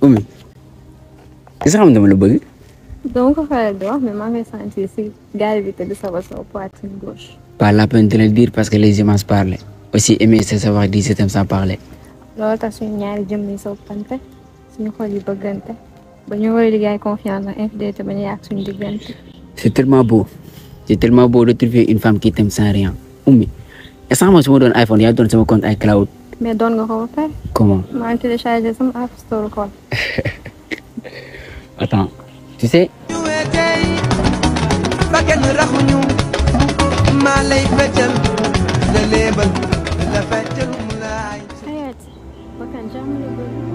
Oumy est-ce que xam veux la Donc, dama ko le di mais maa est sentir si gars bi savoir di sa sa poitrine gauche. pas la peine de le dire parce que les images parlent aussi aimer c'est savoir dire c'est sans parler. loolu tax suñu ñaari jëmm yi soppante C'est xol yi bëggante ba ñu war a confiance ak infidélité ba ñu yàq suñu diggante. c'est tellement beau c'est tellement beau de trouver une femme qui t'aime sans rien Oumy est ce que xam su ma doon iPhone yaa doon sama compte iCloud. mais donne nga ko ba comment Je vais télécharger sama App Store Tu sais حياتي وكان جامل يقول